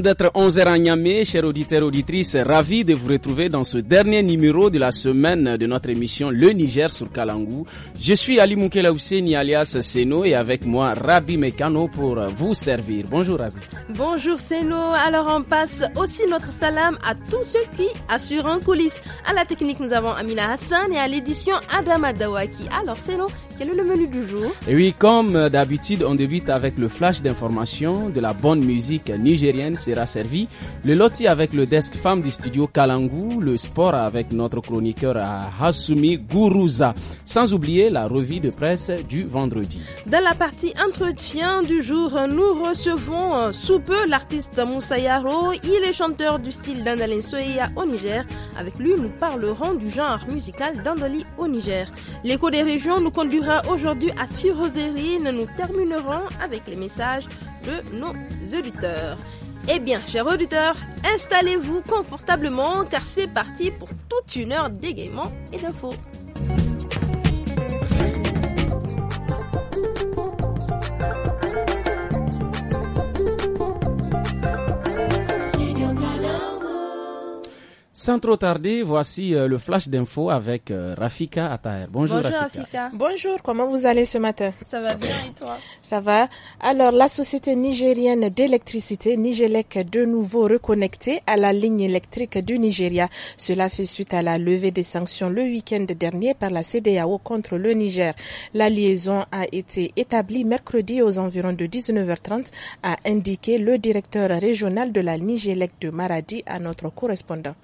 d'être 11h à Niamey, chers auditeurs auditrices, ravi de vous retrouver dans ce dernier numéro de la semaine de notre émission Le Niger sur Kalangou. Je suis Ali Moukela alias Seno et avec moi Rabi Mekano pour vous servir. Bonjour Rabi. Bonjour Seno. Alors on passe aussi notre salam à tous ceux qui assurent en coulisses. À la technique, nous avons Amina Hassan et à l'édition Adama Dawaki. Alors Seno, quel est le menu du jour Et oui, comme d'habitude, on débute avec le flash d'information de la bonne musique nigérienne sera servi. Le loti avec le desk femme du studio Kalangu, le sport avec notre chroniqueur Hasumi Guruza. sans oublier la revue de presse du vendredi. Dans la partie entretien du jour, nous recevons euh, sous peu l'artiste Moussa Yaro. Il est chanteur du style d'Andalin Soeya au Niger. Avec lui, nous parlerons du genre musical d'Andali au Niger. L'écho des régions nous conduira aujourd'hui à Tirozérine. Nous terminerons avec les messages de nos auditeurs. Eh bien, chers auditeurs, installez-vous confortablement car c'est parti pour toute une heure d'égaiement et d'infos. Sans trop tarder, voici euh, le flash d'info avec euh, Rafika Ataher. Bonjour, Bonjour Rafika. Bonjour, comment vous allez ce matin Ça va bien et toi Ça va. Alors, la société nigérienne d'électricité, Nigelec, de nouveau reconnectée à la ligne électrique du Nigeria. Cela fait suite à la levée des sanctions le week-end dernier par la CDAO contre le Niger. La liaison a été établie mercredi aux environs de 19h30, a indiqué le directeur régional de la Nigelec de Maradi à notre correspondant.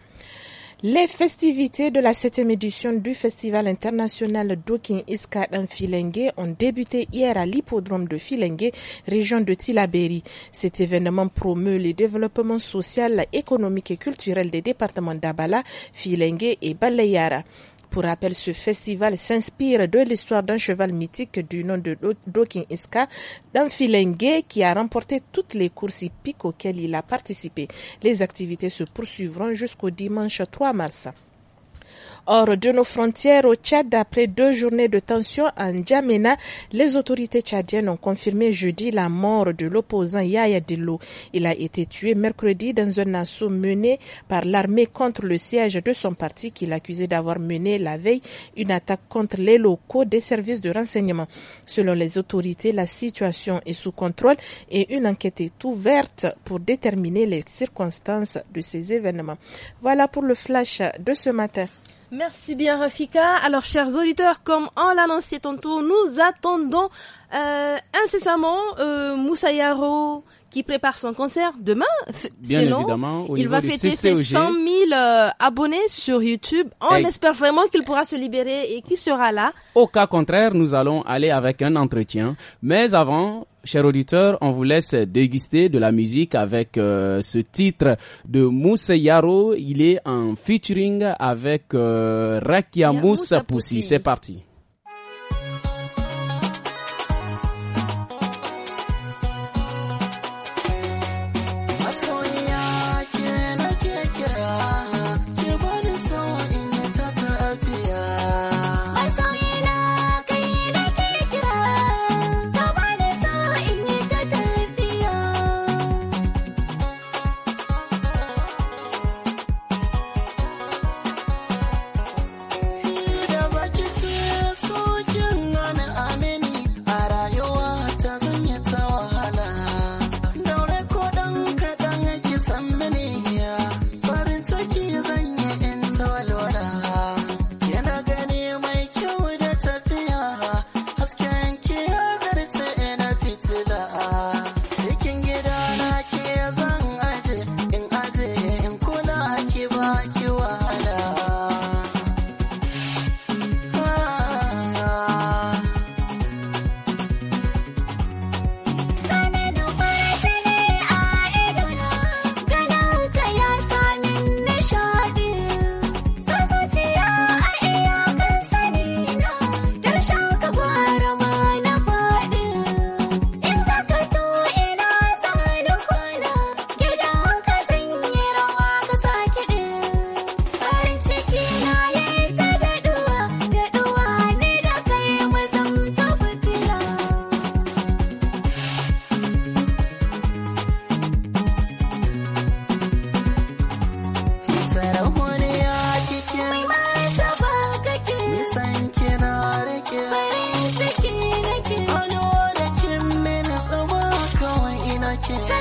Les festivités de la septième édition du Festival international d'Okin Iska en Filengue ont débuté hier à l'hippodrome de Filengue, région de Tilaberi. Cet événement promeut le développement social, économique et culturel des départements d'Abala, Filengue et Balayara. Pour rappel, ce festival s'inspire de l'histoire d'un cheval mythique du nom de Dokin Iska, d'un filengue qui a remporté toutes les courses hippiques auxquelles il a participé. Les activités se poursuivront jusqu'au dimanche 3 mars. Hors de nos frontières au Tchad, après deux journées de tension en Djamena, les autorités tchadiennes ont confirmé jeudi la mort de l'opposant Yaya Dillo. Il a été tué mercredi dans un assaut mené par l'armée contre le siège de son parti qu'il accusait d'avoir mené la veille une attaque contre les locaux des services de renseignement. Selon les autorités, la situation est sous contrôle et une enquête est ouverte pour déterminer les circonstances de ces événements. Voilà pour le flash de ce matin. Merci bien Rafika. Alors chers auditeurs, comme on l'annonçait tantôt, nous attendons euh, incessamment euh, Moussa Yaro, qui prépare son concert demain. Bien il va fêter ses 100 000 euh, abonnés sur YouTube. On espère vraiment qu'il pourra se libérer et qu'il sera là. Au cas contraire, nous allons aller avec un entretien. Mais avant, chers auditeurs, on vous laisse déguster de la musique avec euh, ce titre de Mousse Yaro. Il est en featuring avec euh, Rakia Moussa Poussi. C'est parti.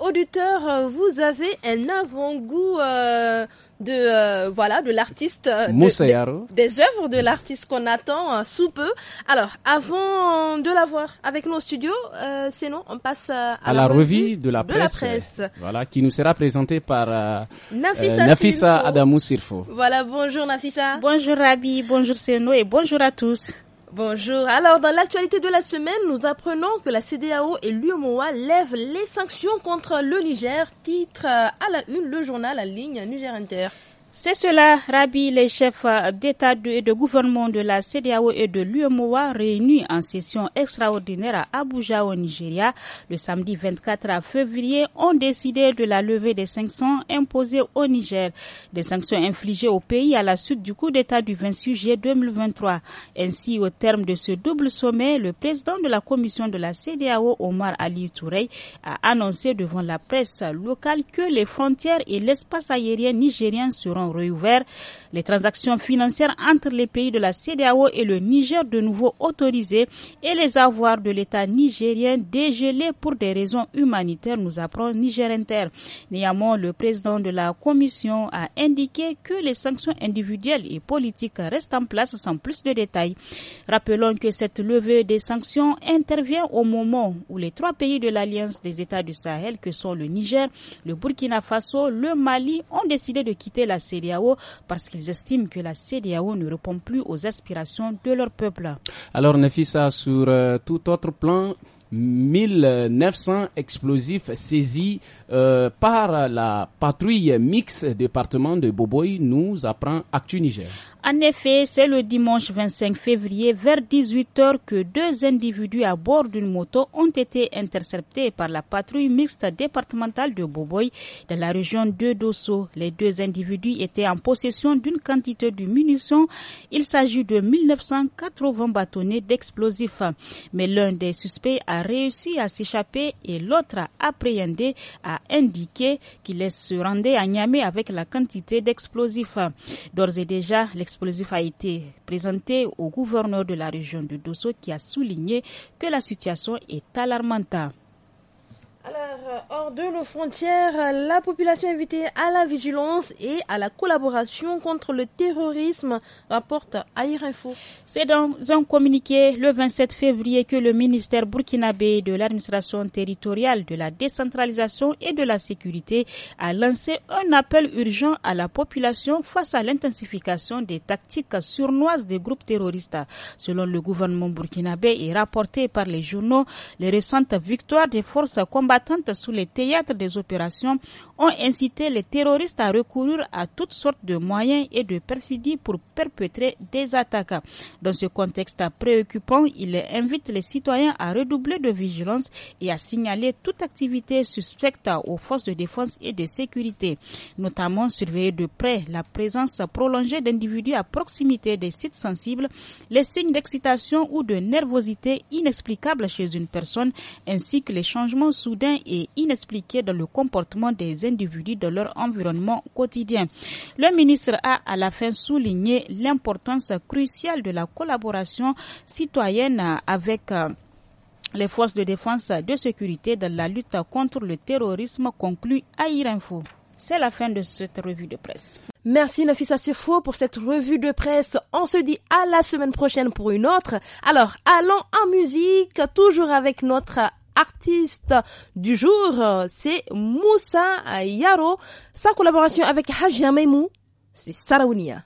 Auditeur, auditeurs, euh, vous avez un avant-goût euh, de euh, voilà de l'artiste des œuvres de l'artiste qu'on attend sous peu. Alors, avant de la voir avec nos studios, sinon on passe à, la, revue de, la, presse, Voilà, qui nous sera présentée par Nafisa Sirfo. Voilà, bonjour Nafisa, Bonjour Rabi, bonjour Seno et bonjour à tous. Bonjour. Alors, dans l'actualité de la semaine, nous apprenons que la CDAO et l'UMOA lèvent les sanctions contre le Niger. Titre euh, à la une, le journal en ligne Niger Inter. C'est cela, Rabi, les chefs d'État et de gouvernement de la CDAO et de l'UMOA réunis en session extraordinaire à Abuja au Nigeria le samedi 24 février ont décidé de la levée des sanctions imposées au Niger, des sanctions infligées au pays à la suite du coup d'État du 26 juillet 2023. Ainsi, au terme de ce double sommet, le président de la commission de la CDAO, Omar Ali Touré, a annoncé devant la presse locale que les frontières et l'espace aérien nigérien seront ont ouvert les transactions financières entre les pays de la CDAO et le Niger de nouveau autorisées et les avoirs de l'État nigérien dégelés pour des raisons humanitaires, nous apprend Niger Inter. Néanmoins, le président de la Commission a indiqué que les sanctions individuelles et politiques restent en place sans plus de détails. Rappelons que cette levée des sanctions intervient au moment où les trois pays de l'Alliance des États du Sahel, que sont le Niger, le Burkina Faso, le Mali, ont décidé de quitter la CDAO parce qu'ils ils estiment que la CDAO ne répond plus aux aspirations de leur peuple. Alors Nefissa, sur euh, tout autre plan, 1900 explosifs saisis euh, par la patrouille mixte département de Boboï nous apprend Actu Niger. En effet, c'est le dimanche 25 février vers 18h que deux individus à bord d'une moto ont été interceptés par la patrouille mixte départementale de Boboy dans la région de Dosso. Les deux individus étaient en possession d'une quantité de munitions. Il s'agit de 1980 bâtonnets d'explosifs. Mais l'un des suspects a réussi à s'échapper et l'autre a appréhendé a indiqué qu'il se rendait à Niamey avec la quantité d'explosifs. D'ores et déjà, L'explosif a été présenté au gouverneur de la région de Dosso qui a souligné que la situation est alarmante. Alors, euh, hors de nos frontières, la population invitée à la vigilance et à la collaboration contre le terrorisme, rapporte à Info. C'est dans un communiqué le 27 février que le ministère burkinabé de l'administration territoriale, de la décentralisation et de la sécurité a lancé un appel urgent à la population face à l'intensification des tactiques surnoises des groupes terroristes. Selon le gouvernement burkinabé et rapporté par les journaux, les récentes victoires des forces combattantes Attente sous les théâtres des opérations ont incité les terroristes à recourir à toutes sortes de moyens et de perfidies pour perpétrer des attaques. Dans ce contexte préoccupant, il invite les citoyens à redoubler de vigilance et à signaler toute activité suspecte aux forces de défense et de sécurité, notamment surveiller de près la présence prolongée d'individus à proximité des sites sensibles, les signes d'excitation ou de nervosité inexplicables chez une personne, ainsi que les changements soudains et inexpliqués dans le comportement des individus de leur environnement quotidien. Le ministre a à la fin souligné l'importance cruciale de la collaboration citoyenne avec euh, les forces de défense de sécurité dans la lutte contre le terrorisme conclu à Info. C'est la fin de cette revue de presse. Merci Nafisa Sifo pour cette revue de presse. On se dit à la semaine prochaine pour une autre. Alors, allons en musique, toujours avec notre artiste du jour, c'est Moussa Yaro. Sa collaboration avec Haji c'est Sarawunia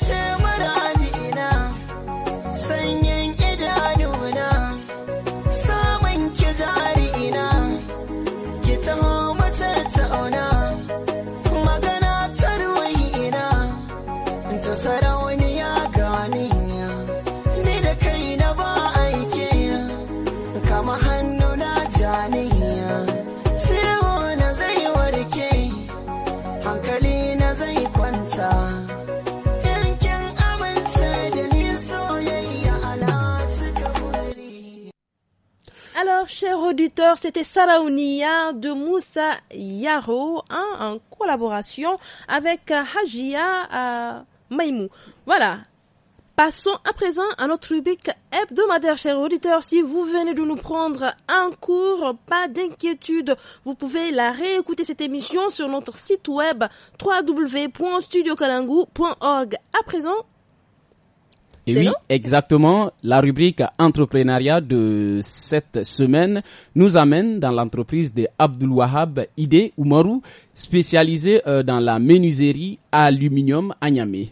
pretend c'était Saraounia de Moussa Yaro hein, en collaboration avec euh, Hajia euh, Maimou. Voilà. Passons à présent à notre rubrique hebdomadaire, chers auditeurs. Si vous venez de nous prendre un cours, pas d'inquiétude. Vous pouvez la réécouter cette émission sur notre site web www.studiocalangou.org. À présent, oui, exactement. La rubrique entrepreneuriat de cette semaine nous amène dans l'entreprise de Abdul Wahab Ide Oumarou, spécialisée euh, dans la menuiserie aluminium à Niamey.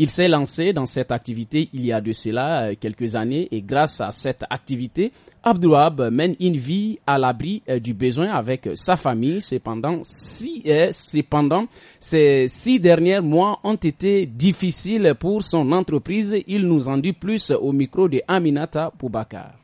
Il s'est lancé dans cette activité il y a de cela euh, quelques années et grâce à cette activité, Abdouab mène une vie à l'abri euh, du besoin avec euh, sa famille. Cependant, si, ces six derniers mois ont été difficiles pour son entreprise. Il nous en dit plus au micro de Aminata Poubakar.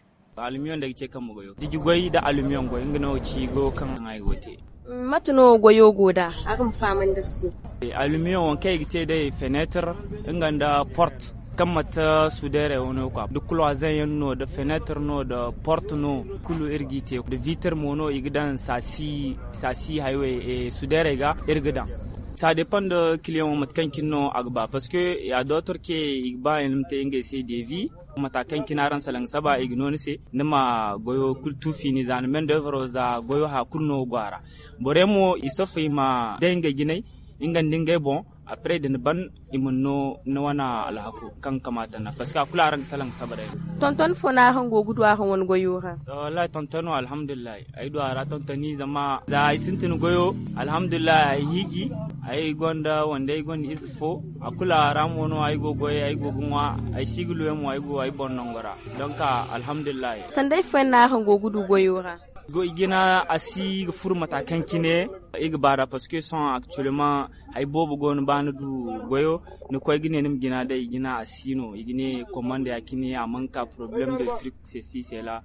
matno goyo goda akan faman dirsi eh, aluminium on kai gite dai fenetre inganda port kammata su dere wani kwa da cloison yin no da fenetre no da port no kulu irgite da vitre mo no igdan sasi sasi highway eh, su dere ga irgidan ça dépend de client matkan kinno agba parce que y'a a d'autres qui igba en mte ingese des vies matakan kinaran salan saba ignonise se nima goyo kultufi ni zan men devro za goyo ha kunno gwara boremo isofi ma denge ginai ingan dingai bon après da ban imunno na wana alhaku kan kamata na parce que akula ran salan sabare tonton fona han go gudwa han won go yura wallahi tonton alhamdulillah ay do ara tonton ni zama za ay sintin goyo alhamdulillah ay higi ay gonda wanda ay gon is isfo akula ram won ay go goye ay go gunwa ay siglu emo ay go ay bonnon gora donc alhamdulillah sandai fona go gudu go yura go igina asi furmata kankine iga bara parce que sont actuellement ay bobo gon banu du goyo ni koy gine nim gina da igina asino igine commande yakini amanka problème de truc ceci cela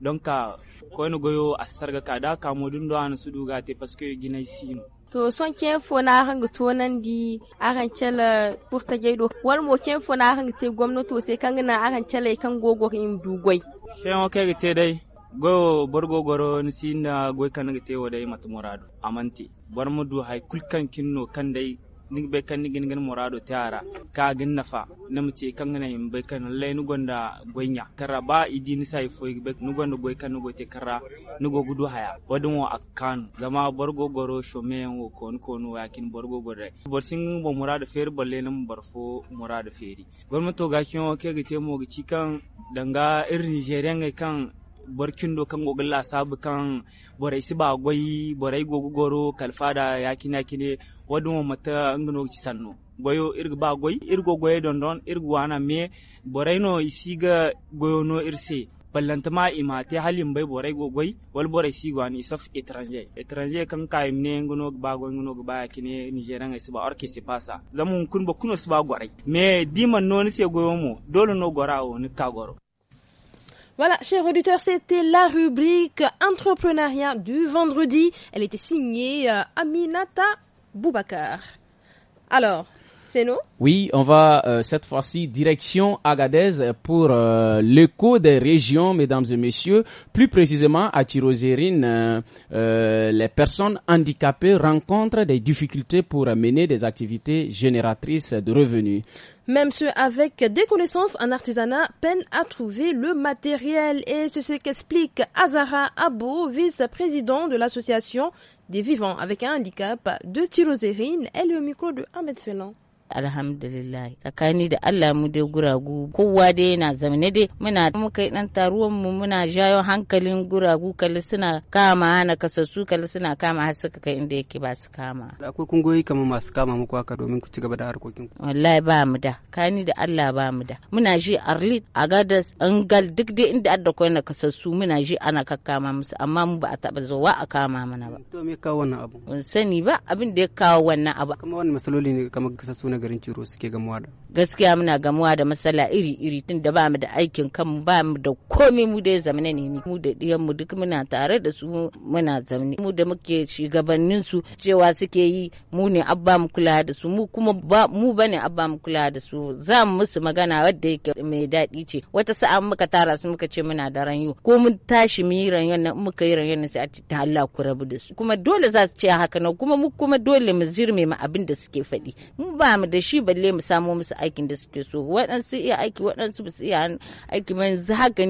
donc ah, ko no goyo asarga kada kamodun do an sudu gate parce que gina sino to son ken fona hanga to nan di aran ah, pour purta jaido wal mo ken fona hanga te gwamnati sai kan na aran cala kan gogo in dugoi shen o kai te dai go borgo goro sina go kan te wo dai mat morado amanti bar du hay kulkan kinno kan dai ni be kan nigin gan morado tiara ka gin nafa ce kan ngana yim be kan lai nu gonda goynya kara ba idi ni sai foy be nu gonda goy kan nu te kara nu go gudu haya wadin wa akkan zama borgo goro shome wo kon kon wa kin borgo gore bor sing bo morado fer balle nam fo morado feri gon to ga kin o ke gite mo ci kan danga irin er nigerian kan barkin dokan gogilla sabu kan borai siba goyi borai da kalfada na kine wadun mata ci sanno goyo irga ba goy irgo goye don don irga wana me borai no ga goyo no irse ima te halin bai borai gogoi wal borai si gwani saf etranger etranger kan kai ne ngono ba go ngono ba kine nigeria ngai siba orke si pasa zamun kun ba kuno siba gwarai me diman no ni se goyo mo dole no gorao ni ka goro Voilà, chers auditeurs, c'était la rubrique entrepreneuriat du vendredi. Elle était signée euh, Aminata Boubacar. Alors, c'est nous oui, on va euh, cette fois-ci direction Agadez pour euh, l'écho des régions, mesdames et messieurs. Plus précisément à Tirozérine, les personnes handicapées rencontrent des difficultés pour mener des activités génératrices de revenus. Même ceux avec des connaissances en artisanat peinent à trouver le matériel et c'est ce qu'explique Azara Abo, vice-président de l'association des vivants avec un handicap de tyrosérine. et le micro de Ahmed Félan. alhamdulillah tsakani da Allah mu dai guragu kowa dai yana zamane dai muna muka dan taruwan mu muna jayo hankalin guragu kalli suna kama hana kasassu kalli suna kama har suka kai inda yake ba su kama akwai kungoyi kamar masu kama muku haka domin ku ci gaba da harkokin ku wallahi ba mu da kani da Allah ba mu da muna ji arlit agadas angal duk dai inda adda koi na kasassu muna ji ana kakkama musu amma mu ba a taba zuwa a kama mana ba to me kawo wannan abu sani ba abin da ya kawo wannan abu kuma wannan masaloli ne kamar kasassu na garin Ciro suke gamuwa da? Gaskiya muna gamuwa da matsala iri-iri tun da ba mu da aikin kanmu ba mu da komai mu da zamana ne mu da diyanmu duk muna tare da su muna zamani mu da muke shugabannin su cewa suke yi mu ne abba mu kula da su mu kuma ba mu bane abba mu kula da su za mu musu magana wadda yake mai daɗi ce wata sa'a muka tara su muka ce muna da ranyo ko mun tashi mu yi ranyon nan muka yi ranyon nan sai a ce ta Allah ku rabu da su kuma dole za su ce haka nan kuma mu kuma dole mu zirme mu abin da suke faɗi mu ba mu da shi balle mu samo musu aikin da suke so waɗansu iya aiki waɗansu su iya aiki man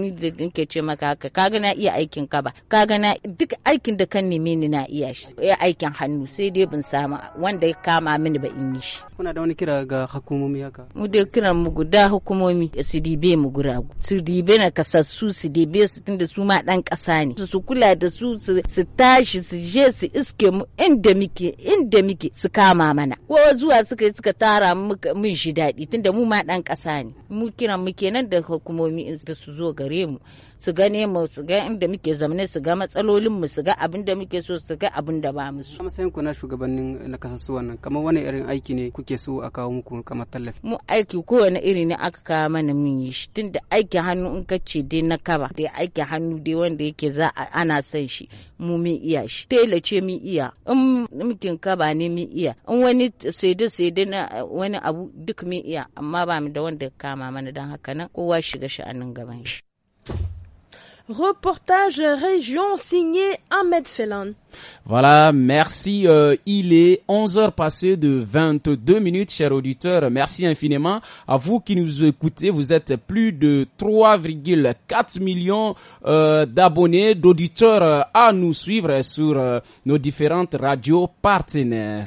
ni da nake ce maka haka kaga na iya aikin ka ba kaga na duk aikin da kan neme ni na iya shi ya aikin hannu sai dai ban samu wanda ya kama mini ba in yi shi kuna da wani kira ga hukumomi haka mu da kiran mu guda hukumomi su dibe mu gura su dibe na kasassu su dibe su tunda su ma dan kasa ne su kula da su su tashi su je su iske mu inda muke inda muke su kama mana ko zuwa suka yi suka ta kara min shi daɗi tunda mu ma ɗan ƙasa ne mu kiran mu kenan da hukumomi da su zo gare mu su gane mu su ga inda muke zamane su ga matsalolin mu su ga abin da muke so su ga abin da ba mu so a matsayin ku na shugabannin nakasassu nan kamar wani irin aiki ne kuke so a kawo muku kamar tallafi mu aiki kowane iri ne aka kawo mana mun yi shi tunda aiki hannu in ka ce dai na kaba dai aiki hannu dai wanda yake za ana son shi mu mi iya shi tela ce mi iya in mutum kaba ne mi iya in wani saide saide na wani abu duk mi iya amma ba mu da wanda kama mana don haka nan kowa shiga sha'anin gaban shi Reportage région signé Ahmed Felan. Voilà, merci. Euh, il est 11h passées de 22 minutes, chers auditeurs. Merci infiniment à vous qui nous écoutez. Vous êtes plus de 3,4 millions euh, d'abonnés, d'auditeurs euh, à nous suivre sur nos différentes radios partenaires.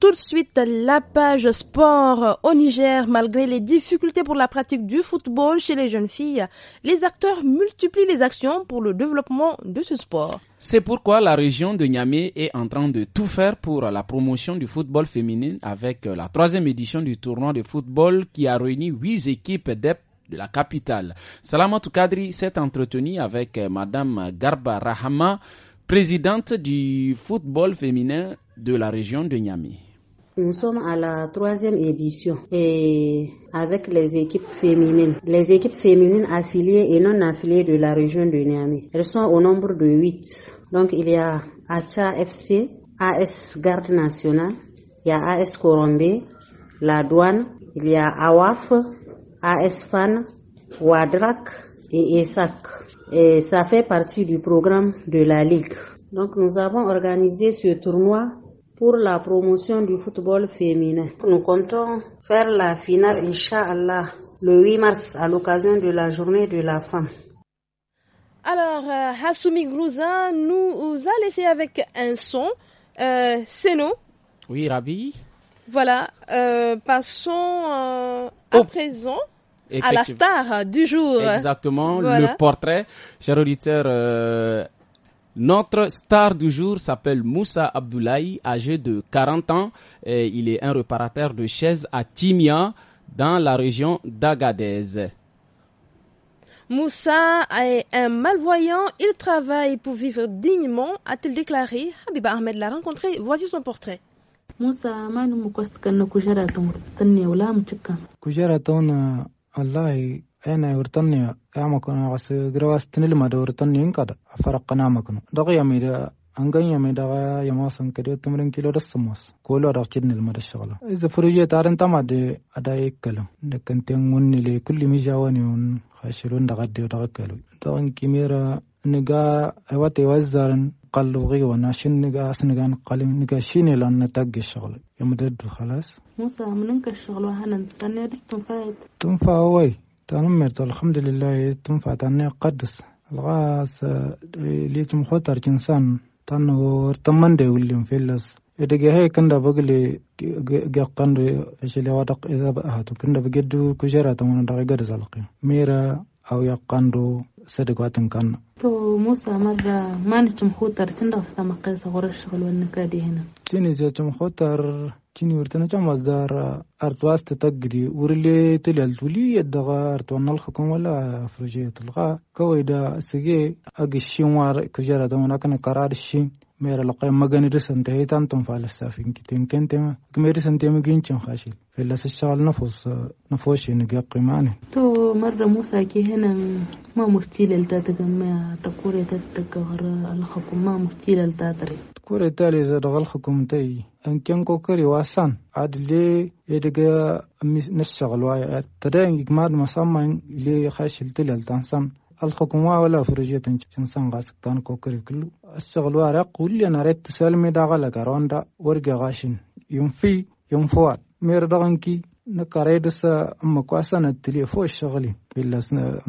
tout de suite la page sport au Niger. Malgré les difficultés pour la pratique du football chez les jeunes filles, les acteurs multiplient les actions pour le développement de ce sport. C'est pourquoi la région de Niamey est en train de tout faire pour la promotion du football féminin avec la troisième édition du tournoi de football qui a réuni huit équipes d'EP de la capitale. Salamatou Kadri s'est entretenu avec euh, Madame Garba Rahama, présidente du football féminin de la région de Niamey. Nous sommes à la troisième édition et avec les équipes féminines, les équipes féminines affiliées et non affiliées de la région de Niamey. Elles sont au nombre de huit. Donc il y a Acha FC, AS Garde Nationale, il y a AS Corombe, la douane, il y a AWAF, AS Fan, Wadrak et ESAC. Et ça fait partie du programme de la Ligue. Donc nous avons organisé ce tournoi pour la promotion du football féminin. Nous comptons faire la finale, Inch'Allah, le 8 mars à l'occasion de la journée de la femme. Alors, euh, Hassoumi Grouza nous a laissé avec un son. Euh, c'est nous. Oui, Rabi. Voilà, euh, passons à oh. présent à la star du jour. Exactement, le portrait. Cher auditeur, notre star du jour s'appelle Moussa Abdoulaye, âgé de 40 ans. Et il est un réparateur de chaises à Timia, dans la région d'Agadez. Moussa est un malvoyant, il travaille pour vivre dignement, a-t-il déclaré. Habiba Ahmed l'a rencontré, voici son portrait. Moussa, ena wirtanniya yamakunu yagsi girawastinilimada wirtanniya inkada afaraqqanamakunu daqiyamida anganyame daga yamasan kedi tumrin kilo da sumas kolo da kidni ilma da shagala iza furuje tarin tama de ada ikkalam da kanten wonni le kulli mi jawani on khashirun daga de daga kalu tagan kimira niga awate wazzaran qallu ghiwa nashin niga asniga nqalim niga shine lan natagge shagala yamdad khalas musa muninka shagala hanan tanne distum faid tum fa awai تنمرت الحمد لله تنفع تاني قدس الغاس ليتم خطر جنسان تنور تمندي وليم فيلس إذا هاي كندا قند إيش اللي وادق إذا هاتو كندا بجدو كجرا تمون دقي قدس ميرا أو يقندو صدق كان تو موسى مرة ما نتم خوتر تندغ ثم قيسة غرف شغل والنكادي هنا تيني زيتم خوتر تيني ورتنا جم وزدار أرتواس تتقدي ورلي تلال تولي يدغا أرتوان الخكم ولا فروجية الغا كويدا سجي أقشين وار كجارة دوناكن قرار الشين ميرا لقيم مغني رسن تهي تانتم فالسافين كتين كنتم كميري سنتيم جينشن خاشل في اللس الشغل نفوس نفوشي نقاقي ماني تو مرة موسى كي هنا ما مرتيل التاتك ما تقوري تاتك الخكم ما مرتيل التاتري تقوري تالي زاد غلخكم تاي أن كان كوكري واسان عاد لي يدقى نشغل واي تدين يقمار مصمم لي خاشل تلال تانسان الحكومة ولا فرجية إنسان غاسك كان كوكر كله الشغل وارق واللي أنا ريت تسلمي دا غلا كاروندا ورقة غاشن يوم في يوم فوات مير دغنكي نكاري دس أما كواسان التلي فو الشغلي بلا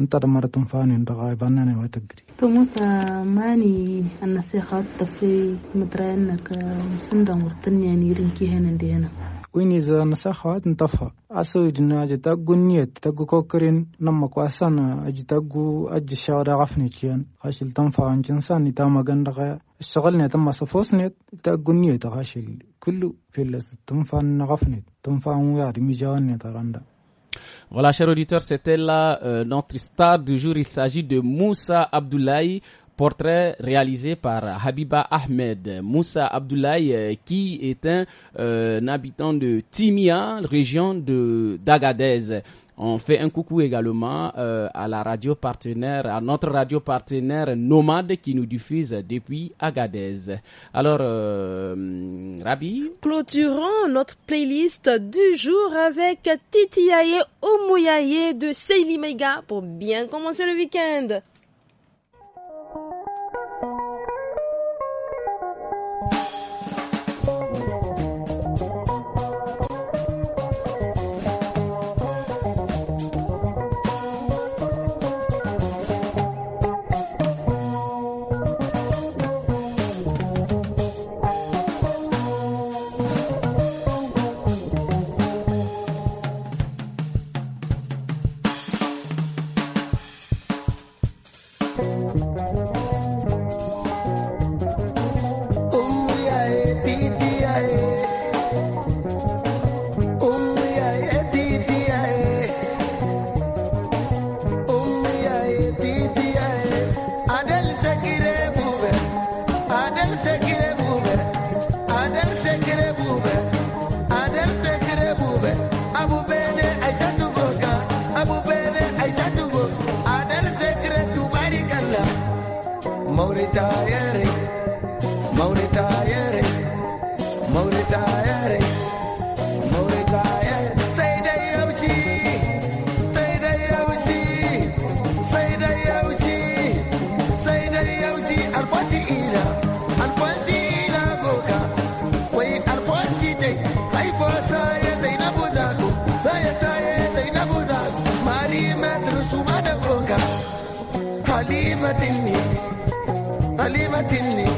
انت دمرت فاني انت غايب أنا وتقري تو موسى ماني النصيحة في مترينك سندم ورتني يعني رنكي هنا دي هنا kwini zo nasa khawat ntafa aso idina ajitagu niyat tagu kokirin namma ku asana ajitagu aji shawara gafni chiyan hashil tanfa anjinsan itama gandaga اشتغلنا تم صفوسنت تاقنية تغاشل كله في اللس تنفع نغفنت تنفع وياري مجاني تراندا Voilà, chers auditeurs, c'était là euh, notre star du jour. Il s'agit de Moussa Abdoulaye, portrait réalisé par Habiba Ahmed Moussa Abdoulaye, euh, qui est un, euh, habitant de Timia, région de d'Agadez. On fait un coucou également euh, à la radio partenaire, à notre radio partenaire Nomade qui nous diffuse depuis Agadez. Alors, Rabi Clôturons notre playlist du jour avec Titiaye Omoyaye de Seili Mega pour bien commencer le week-end. تلني هلي ما تلني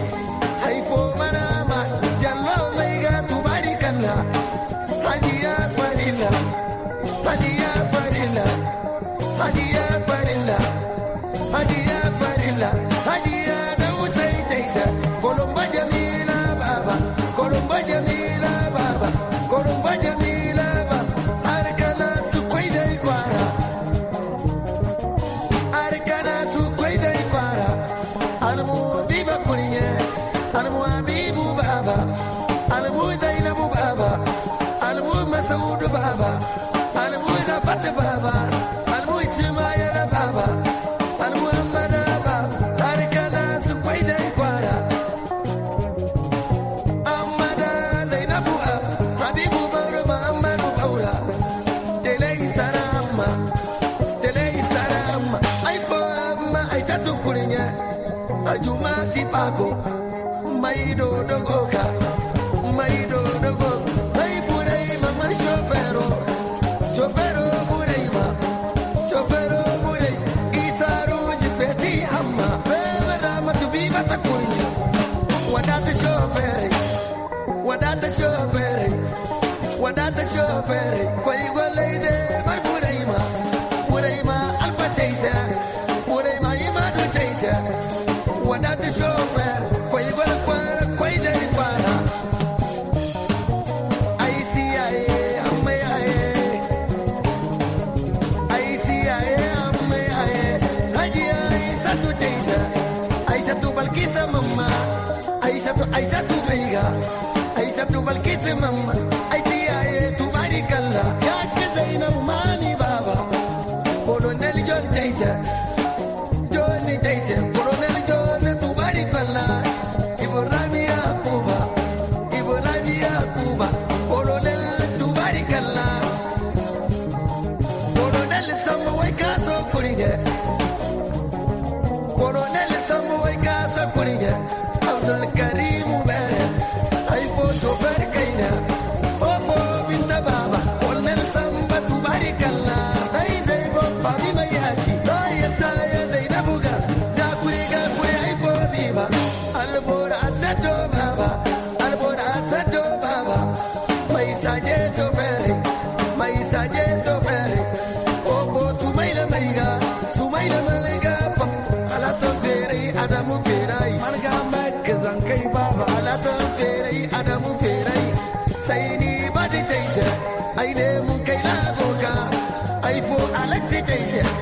your face.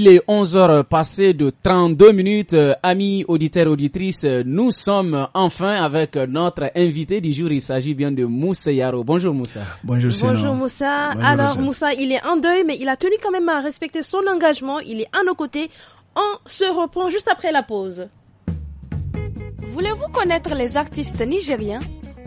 Il est 11h passées de 32 minutes. Euh, amis auditeurs, auditrices, nous sommes enfin avec notre invité du jour. Il s'agit bien de Moussa Yaro. Bonjour Moussa. Bonjour Bonjour Moussa. Alors Moussa, il est en deuil, mais il a tenu quand même à respecter son engagement. Il est à nos côtés. On se reprend juste après la pause. Voulez-vous connaître les artistes nigériens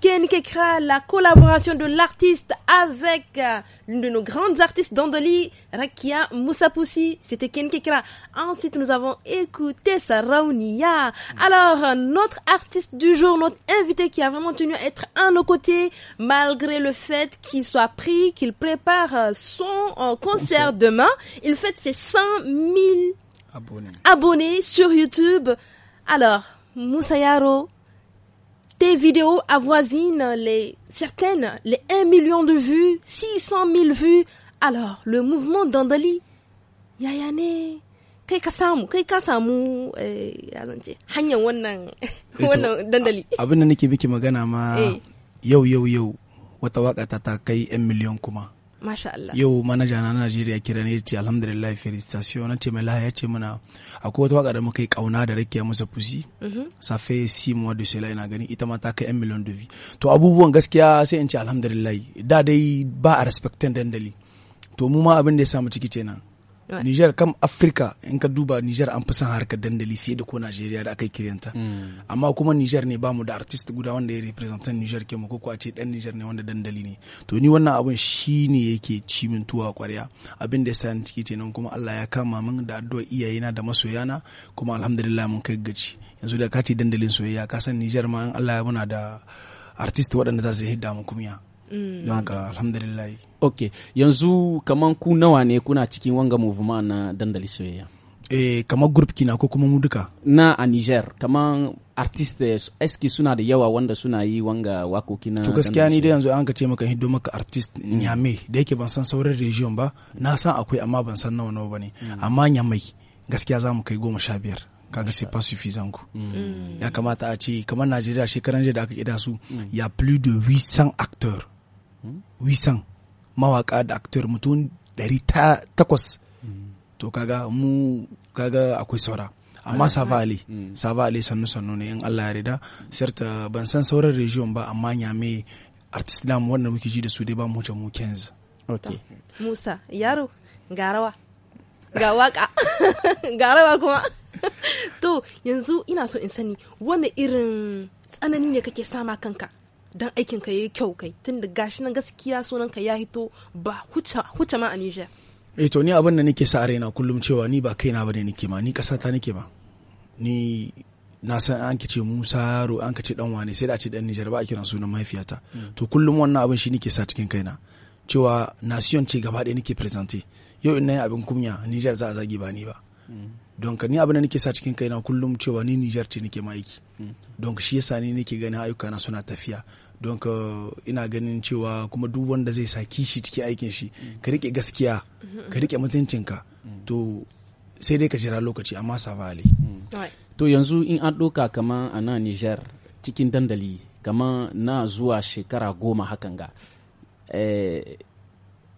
Ken Kekra, la collaboration de l'artiste avec euh, l'une de nos grandes artistes d'Andoli, Rakia Moussapoussi. C'était Ken Kekra. Ensuite, nous avons écouté Saraunia. Alors, notre artiste du jour, notre invité qui a vraiment tenu à être à nos côtés, malgré le fait qu'il soit pris, qu'il prépare son euh, concert demain. Il fête ses 100 000 abonnés, abonnés sur YouTube. Alors, Moussayaro, tes vidéos avoisinent les certaines, les 1 million de vues, 600 000 vues. Alors, le mouvement d'Andali, Yayane, kai ka samu kai ka samu wannan eh, wannan dandali abin da nake biki magana ma eh. yau yau yau wata ta kai 1 million kuma Masha Allah. Yau manaja na Najeriya kira ne ce alhamdulillah felicitation na ce mala ya ce mana akwai wata waka da muka yi kauna da rakiya masa fusi. Mhm. safe si six mois de na ina ganin ita ma ta kai 1 million dubi. To abubuwan gaskiya sai in ce alhamdulillah da dai ba a respectin dandali. To mu ma abin da ya samu ciki kenan. Niger kam Afrika in ka duba Niger an fi son harkar dandali fiye da ko Najeriya da aka yi kiranta. Hmm. Amma kuma Niger ne bamu da artist guda wanda ya representan Niger ke ko a ce dan Niger ne wanda dandali ne. To ni wannan abin shi ne yake ci min tuwa kwarya abin da ya sa ni ciki kenan kuma Allah ya kama min da addu'a na da masoyana kuma alhamdulillah mun kai gaci. Yanzu da ka ce dandalin soyayya ka san Niger ma in Allah ya muna da artist waɗanda za su yi hidda mu kumya. Mm. don alhamdulillahi ok yanzu kaman ku nawa ne kuna cikin wanga movement na dandali soyayya eh kamar group kina ko kuma Muduka. na a Niger kaman artiste eski suna da yawa wanda suna yi wanga wako kina to gaskiya ni dai yanzu an ka ce maka hiddo maka artist nyame da yake ban san sauran region ba na san akwai amma ban san nawa nawa bane mm. amma nyame gaskiya za mu kai goma sha biyar kaga c'est pas ko mm. ya kamata a ce kamar Najeriya shekaran jiya da aka kida su ya plus de 800 acteurs wisan mawaka da aktuwar mutum 800 takwas to kaga mu kaga akwai saura amma savali savali hmm. sannu sannu ne in allah ya rida sirta ban san sauran region ba amma nyame artist namu wanda muke ji da su dai ba mu mu kenz musa yaro garawa ga waka garawa kuma to yanzu ina so in sani wani irin tsanani ne kake sama kanka dan aikin ka yi kyau kai tunda gashi na gaskiya sunan ka ya hito ba huce ma a Niger eh to ni abin da nake sa raina kullum cewa ni ba kaina bane nake ma ni kasa ta nake ma ni na san an ka ce Musa yaro an ka ce dan wane sai da a ce dan Niger ba a kiran sunan mahaifiyata mm. to kullum wannan abin shi nake sa cikin kaina cewa nasiyon ce gaba ɗaya nake presente yau in nayi abin kunya Niger za a zagi ba ni ba mm. don ka ni abin da nake sa cikin kaina kullum cewa ni Nijar ce nake ma aiki mm. don shi yasa ni nake ganin ayyuka na suna tafiya don ka ina ganin cewa kuma duk wanda zai sa kishi cikin aikin shi mm. ka rike gaskiya ka rike mutuncinka mm. to sai dai ka jira lokaci amma savali to yanzu in an doka kama a na Nijar cikin dandali kama na zuwa shekara goma hakan ga eh,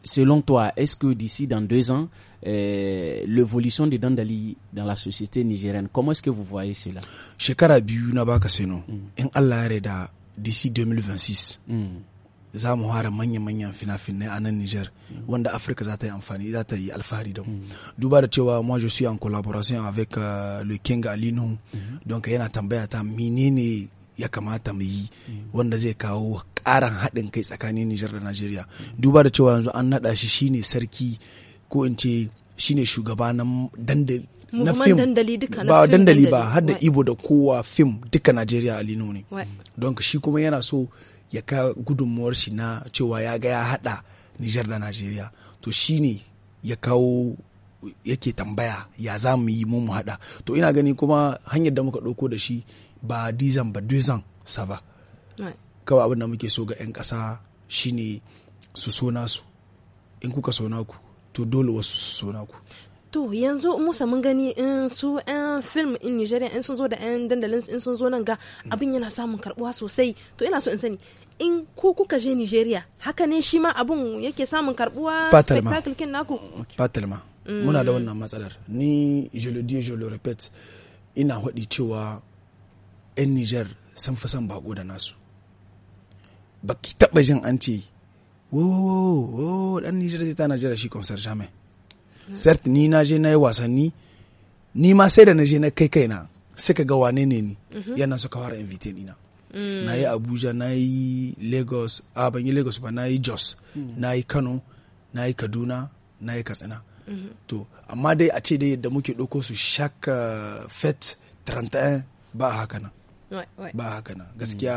selon toi, est-ce que d'ici dans deux ans, euh, l'évolution des Dandali dans la société nigérienne, comment est-ce que vous voyez cela Shekara biyu na baka seno, mm. in Allah ya da d'ici 2026. Mm. za mu hara manya-manyan fina-finai a nan Niger mm. wanda Afirka za ta yi amfani za ta yi alfahari da mu. Duba da cewa moi je suis en collaboration avec euh, le King Alinu mm -hmm. donc yana tambaya ta menene ya kamata mu yi wanda zai kawo ƙarin haɗin kai tsakanin Nijar da Najeriya duba da cewa yanzu an naɗa shi shine sarki ko in ce shine shugaba na dandali na fim ba dandali ba har da ibo da kowa fim duka Najeriya alino ne don shi kuma yana so ya ka gudunmuwar shi na cewa ya ga ya haɗa Nijar da Najeriya to shine ya kawo yake tambaya ya za mu yi mu haɗa to ina gani kuma hanyar da muka ɗauko da shi ba dizan ba dizan sa ba kawai abin da muke so ga 'yan ƙasa shine su so nasu in kuka so naku to dole wasu su so naku to yanzu musa mun gani in su yan film in nigeria in sun zo da yan dandalin in sun zo nan ga abin yana samun karbuwa sosai to ina so in sani in ku kuka je nigeria haka ne shi ma abin yake samun karbuwa spectacle kin naku patalma muna da mm. wannan matsalar ni je le dis je le répète ina hadi cewa yan niger sun fi son bako da nasu ba ki taɓa jin an ce wo dan Nijar zai ta Najeriya shi kwamsar jami'a. Cert ni na je na yi wasanni ni ma sai da na je na kai kai kaina suka ga wane ne ni mhm. yana suka fara invite ni na. Mm. Na yi Abuja na yi Lagos a ban yi Lagos ba na yi Jos mm. na yi Kano na yi Kaduna na yi Katsina. Mhm. To amma dai a ce dai yadda muke ɗauko su shaka fet 31 ba haka nan. Ba haka nan mm. gaskiya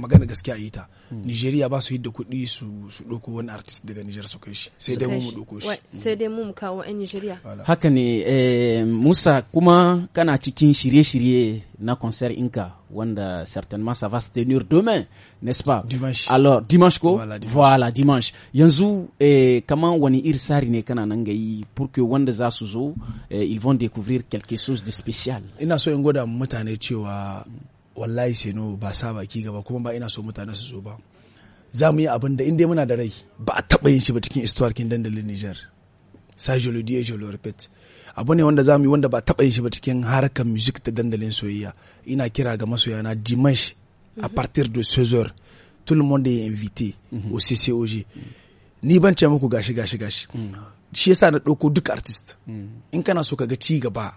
magana gaskiya a yi ta. Hmm. Nigeria ba su yi da kuɗi su su ɗauko wani artist daga Niger su kai shi sai dai mu ɗauko shi sai dai mu kawo 'yan Nigeria haka ne eh, Musa kuma kana cikin shirye-shirye na concert inka wanda certainement ça va se tenir demain n'est-ce pas dimanche alors dimanche ko voilà dimanche, voilà, dimanche. yanzu eh, kaman wani ir sari ne kana nan gayi pour que wanda za su zo eh, ils vont découvrir quelque chose de spécial ina so in gwada mutane cewa wallahi sai no ba sa baki gaba kuma ba ina so mutane su zo ba za mu yi abin da inda muna da rai ba a taɓa yin shi ba cikin kin dandalin Nijar. Sajo Lodiye Jolo Repet. Abu ne wanda za mu yi wanda ba taɓa yin shi ba cikin harkar music da dandalin soyayya. Ina kira ga masoya na Dimash a mhm. partir de 16h tout le monde est invité mhm. au CCOG. Ni ban ce muku gashi gashi gashi. Mhm. Shi yasa na ɗauko duk artist. In kana so ka ga ci gaba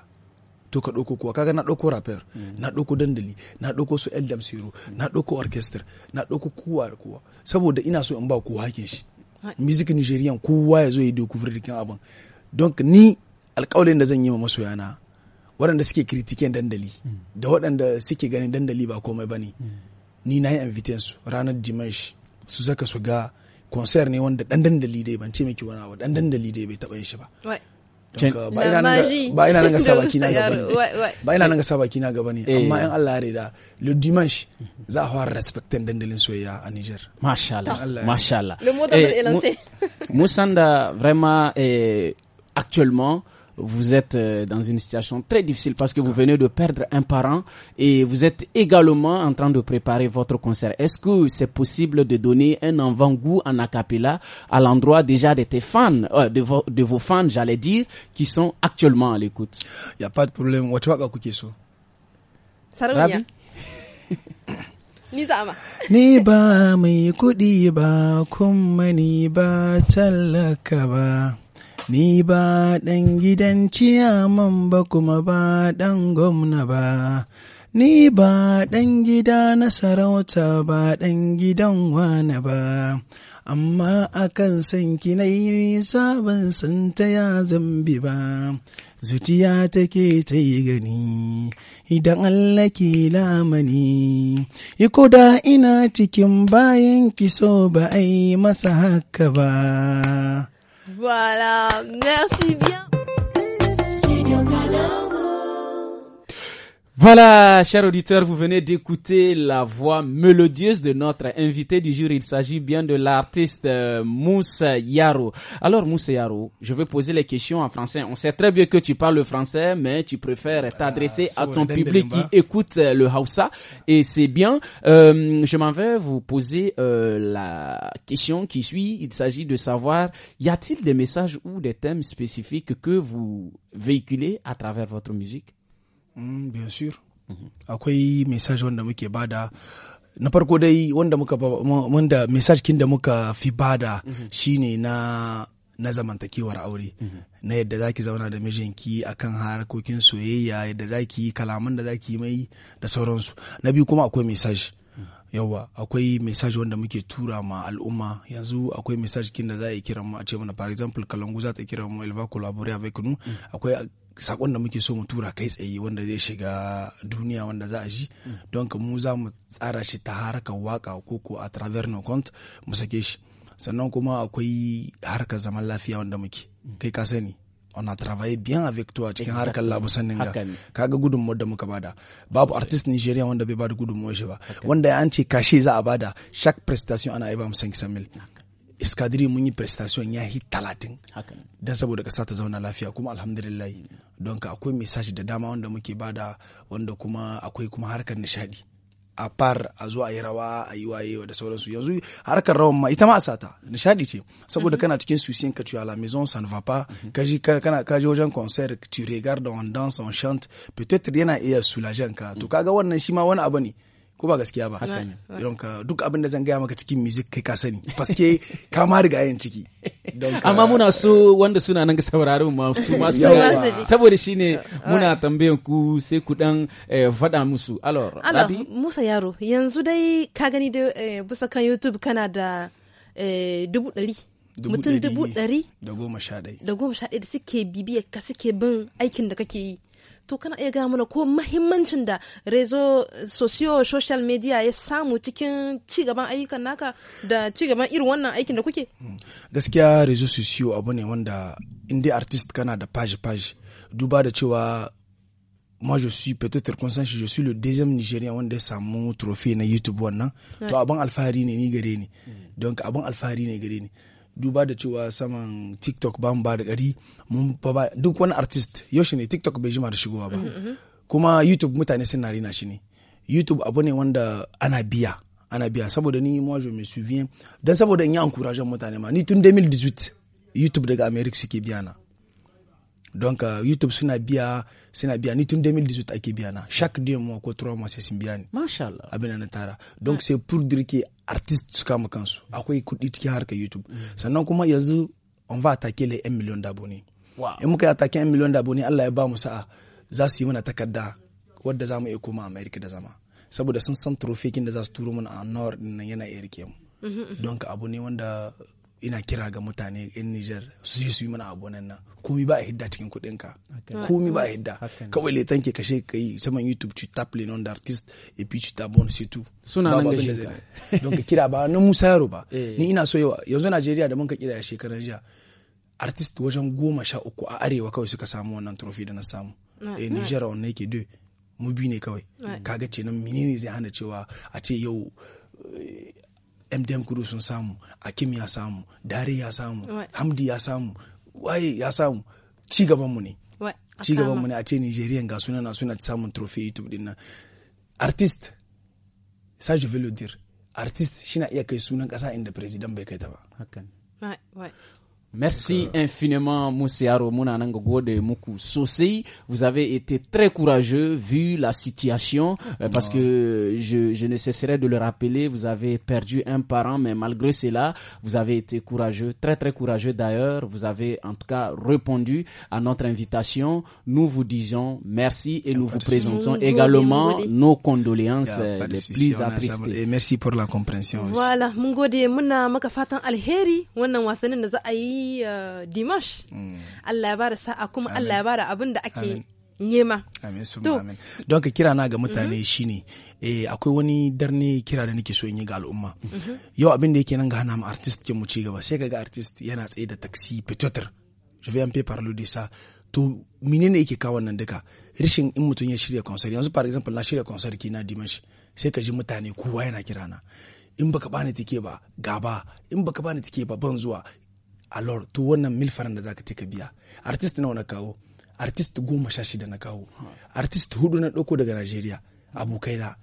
to ka ɗauko kuwa kaga na ɗauko rapper na ɗauko dandali na ɗauko su el siro na ɗauko orchestra na ɗauko kowa da kowa saboda ina so in ba kowa hakin shi music nigerian kowa ya zo ya dokokin rikin abin don ni alƙawarin da zan yi ma na waɗanda suke kritiken dandali da waɗanda suke ganin dandali ba komai ba ne ni na yi su ranar dimash su zaka su ga konser ne wanda dan dandali dai ban ce miki wani abu dan dandali dai bai taɓa yin shi ba ba ina nan ga na gaba ne eh. amma in Allah ya rida le dimanche za a fara respectin dandalin a Niger machallah machallah le mot d'appel eh, est lancé Moussanda vraiment eh, actuellement vous êtes euh, dans une situation très difficile parce que vous venez de perdre un parent et vous êtes également en train de préparer votre concert. Est-ce que c'est possible de donner un avant-goût en acapella à l'endroit déjà de tes fans, euh, de, vos, fans, j'allais dire, qui sont actuellement à l'écoute Il n'y a pas de problème. Ça Ni ba mai kuɗi ba, ba ba. Ni ba ɗan gidan ciyaman ba kuma ba ɗan gwamna ba, ni ba ɗan gida na sarauta ba ɗan gidan wane ba, amma akan san ki yi nisa san ta ya zambi ba. Zuciya take ta yi gani, idan Allah ke lamani, iko da ina cikin bayan kiso ba a yi masa haka ba. Voilà, merci bien. Voilà, chers auditeurs, vous venez d'écouter la voix mélodieuse de notre invité du jour. Il s'agit bien de l'artiste euh, Moussa Yaro. Alors, Moussa Yaro, je vais poser les questions en français. On sait très bien que tu parles le français, mais tu préfères t'adresser à ton public qui écoute euh, le Hausa. Et c'est bien. Euh, je m'en vais vous poser la question qui suit. Il s'agit de savoir, y a-t-il des messages ou des thèmes spécifiques que vous véhiculez à travers votre musique Mm, bien sûr. Mhm. Akwai message wanda muke bada na farko dai wanda muka wanda message kin da muka fi bada mhm. shine na na zamantakewar aure mhm. na yadda zaki zauna da mijinki akan harkokin soyayya yadda zaki kalaman da zaki mai da sauransu na biyu kuma akwai message yawa akwai message wanda muke tura ma al'umma yanzu akwai message kin da za a yi kiran mu a ce mana for example kalangu za ta kiran mu elva collaborate avec nous akwai sakon da muke so mu tura kai tsaye wanda zai shiga duniya wanda za a ji don ka mu za mu tsara shi ta harkar waka ko ko a travers no cont mu sake shi sannan kuma akwai harkar zaman lafiya wanda muke kai ka sani on a travaillé bien avec toi cikin harkar labusan ga kaga gudunmuwar da muka bada babu artist Nigeria wanda bai bada gudunmuwar shi ba wanda an ce kashe za a bada chaque prestation ana iba kisan mil iskadiri mun yi prestation ya yi talatin don saboda ƙasa ta zauna lafiya kuma alhamdulillah don ka akwai misashi da dama wanda muke bada wanda kuma akwai kuma harkar nishadi a far a zo a yi rawa a yi waye da sauransu yanzu harkar rawan ma ita ma a sata nishadi ce saboda mhm. kana cikin susiyan ka tuyala la maison san vapa mhm. ka ji kana wajen concert tu regardes en danse en chante peut-être yana iya sulajen ka to mhm. kaga wannan shi ma wani abu ne ko ba gaskiya ba haka ne don ka duk abin da zan gaya maka cikin music kai ka sani paske ka ma riga yin ciki amma muna so wanda suna nan ga sauraron ma su ma su saboda shine muna tambayan ku sai ku dan eh, faɗa musu alor labi musa yaro yanzu dai ka gani da eh, bisa kan youtube kana da eh, dubu ɗari mutum dubu ɗari da goma sha ɗaya da suke bibiyar ka suke bin aikin da kake yi to kana iya gaya mana ko mahimmancin da rezo socio social media ya samu cikin cigaban ayyukan naka da cigaban irin wannan aikin da kuke hmm. gaskiya rezo socio abu ne wanda indi artist kana da page page duba da cewa moi je suis peut-être conscient je suis le deuxième Nigérien wanda ya samu trophée na YouTube wannan to abin alfahari ne ni gare ni hmm. donc abin alfahari ne gare ni duba da cewa saman tiktok ba mu ba da gari mun ba duk wani artist yaushe ne tiktok bai jima da shigowa ba kuma youtube mutane suna rina shi ne youtube abu ne wanda ana biya ana biya saboda ni moi je me souviens dan saboda in yi encourage mutane ma ni tun 2018 youtube daga america suke biya na donc uh, youtube suna biya suna biya ni tun 2018 ake biya na chaque deux mois ko trois mois sai sun biya ni masha abin na tara donc ah. sai pour dire que artiste su kama kansu akwai kuɗi cikin harkar youtube mm. sannan kuma yanzu on va attaquer les 1 million d'abonnés in muka yi attaquer 1 million d'abonnés Allah ya ba mu sa'a za su yi mana takarda wadda za mu iya koma America da zama saboda sun san kin da za su turo mana a nord nan yana iya rike mu mm-hmm. don abu ne wanda ina kira ga mutane yan niger su je su yi mana abu nan komi ba a hidda cikin kuɗin ka komi ba a hidda kawai letan ke kashe kai saman YouTube tu tap le nom d'artiste et puis tu t'abonnes c'est tout suna nan gashi ka donc kira ba na Musa Yaro ba eh. ni ina so yawa yanzu Nigeria da mun ka kira shekaran jiya artist wajen goma sha uku a arewa kawai suka samu wannan trophy da na samu eh Nijar ne ke de mu bi ne kawai kaga ce nan menene zai hana cewa a ce yau eh, mdm kudu sun samu akim ya samu dare ya samu hamdi ya samu waye ya samu ci gabanmu ne ci gabanmu ne a ce nigerian ga suna na suna samun trophy youtube din nan artist ça velodir artist shi na iya kai sunan kasa inda president bai kai ta ba Merci euh, infiniment, Mousséaro de Moukou Sosei. Vous avez été très courageux vu la situation, euh, parce que je, ne cesserai de le rappeler, vous avez perdu un parent, mais malgré cela, vous avez été courageux, très très courageux d'ailleurs. Vous avez en tout cas répondu à notre invitation. Nous vous disons merci et nous vous présentons également nos condoléances euh, les plus attristées. Et merci pour la compréhension. Voilà, Mungode, Alheri, yi eh, dimash mm. Allah ya bada sa'a kuma Allah ya bada abin da ake nema amin amin don ka kira na ga mutane mhm. shine eh akwai wani darne kira da nake so in yi ga al'umma mhm. yau abin da yake nan ga hana mu artist ke mu ci gaba sai kaga artist yana tsaye da taxi petotar. je vais un peu parler de ça to menene yake kawo nan duka rishin in mutum ya shirya concert yanzu par exemple na shirya concert ki na dimash sai ka ji mutane kowa yana kirana in baka bani tike ba gaba in baka bani tike ba ban zuwa alor to wannan mil faran da zaka ka biya artist nawa na kawo artist goma sha shida na kawo artist hudu na ɗauko daga nigeria abokai na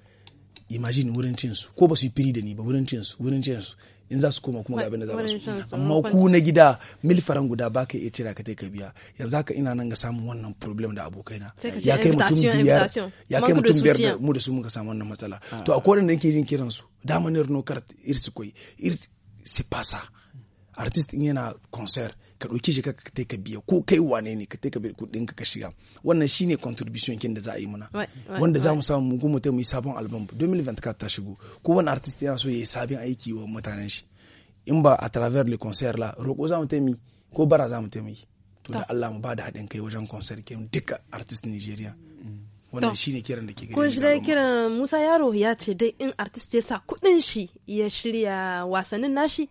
imagine wurin cin su ko ba su yi firi da ni ba wurin cin su wurin cin su in za su koma kuma ga abin da za su amma ku na gida mil faran guda ba ka iya cira ka ka biya yanzu haka ina nan ga samun wannan problem da abokaina ya kai mutum biyar ya kai mutum biyar da mu da su muka samu wannan matsala ah. to a kodan da nake jin kiran su dama ne no kart irsi koi irsi pasa artist in yana concert ka ɗauki shi ka kai ka biya ko kai wane ne ka kai ka biya kuɗin ka shiga wannan shine contribution kin da za a yi muna wanda za mu samu mu gumu ta mu yi sabon album 2024 ta shigo ko wani artist yana so ya yi sabon aiki wa mutanen shi in ba a travers le concert la roƙo za mu ta mi ko bara za mu ta mi to da Allah mu ba da haɗin kai wajen concert game duka artist Nigeria mm. wannan shi ne kiran da ke gani kun kiran musa yaro ya ce dai in artist ya sa kudin shi ya shirya wasannin nashi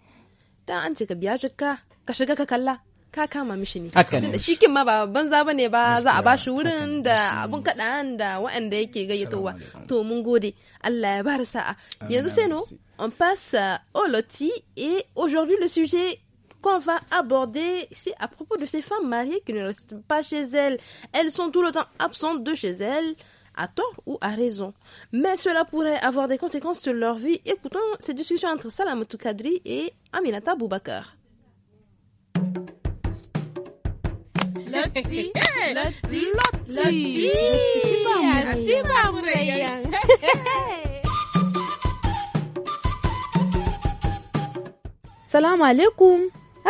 dan an ce ka biya jikka ka shiga ka kalla ka kama mishi ne shi kin ma ba banza bane ba za a bashi wurin da abun kaɗan da waɗanda yake gayyatowa to mun gode Allah ya bar sa'a yanzu sai no on passe euh, au loti et aujourd'hui le sujet qu'on va aborder, c'est à propos de ces femmes mariées qui ne restent pas chez elles. Elles sont tout le temps absentes de chez elles à tort ou à raison. Mais cela pourrait avoir des conséquences sur leur vie. Écoutons cette discussion entre Salam Toukadri et Aminata Boubakar. Salam alaikum.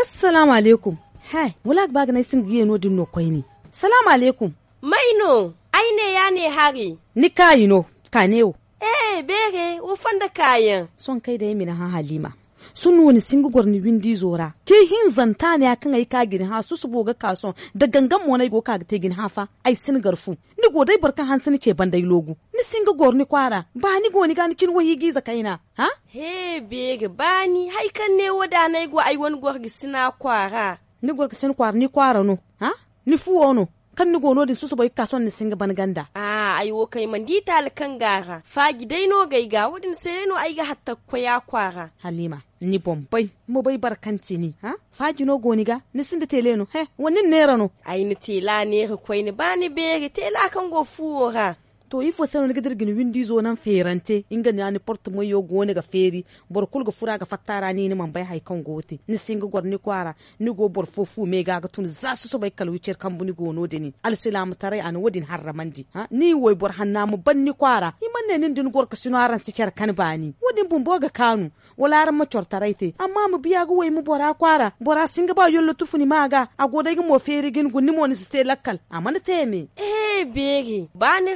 Assalam alaikum. Hey, wulak bag na Salam alaikum. Maino. aine ya ne hari ni kayi no ka ne o. eh bere wo fanda kayan son kai da mina ha halima sun wani singu gwarni windi zora ke hin zanta ne akan ayi ka gini ha su su boga kason da gangan mona nai go ka te gini hafa fa ai sin garfu ni go dai barkan han ce bandai logu ni singu gwarni kwara ba ni go ni gani cin wahi giza kaina ha he bege bani hai kan ne wada nai go ai wani gwargi sina kwara ni gwargi sin kwara ni kwara no ha ni fuwo no kan ni gono di susu boy e kason ni singa banganda ah ay wo kay man dita al kangara faji dai no gay ga wudin sai no ay ga hatta kwaya kwara halima ni bombay mo bay barkanti ni ha faji no goni ga ni sinda tele no he wonin nera no ay ni tela ne ko ni bani be ga tela kan go fuora to ifo seno nigi dirgin windi zo nan ferante inga ni ani porto mo yo gone ga feeri bor kul ga fura ga fattara ni ni man bai hay kan gote ni singa gor ni kwara ni go bor fofu me gono de ni al salam tare an wadin harramandi ha ni woy bor hanna mu ban ni kwara i man ne nin din gor ka sino aran sikar kan bani wadin bumbo ga kanu wala ran ma chortare te amma mu biya ga woy mu bora kwaara bora singa ba yollo tufuni maga a godai mo feri gin gunni mo ni ste lakkal amana teme eh bege ba ni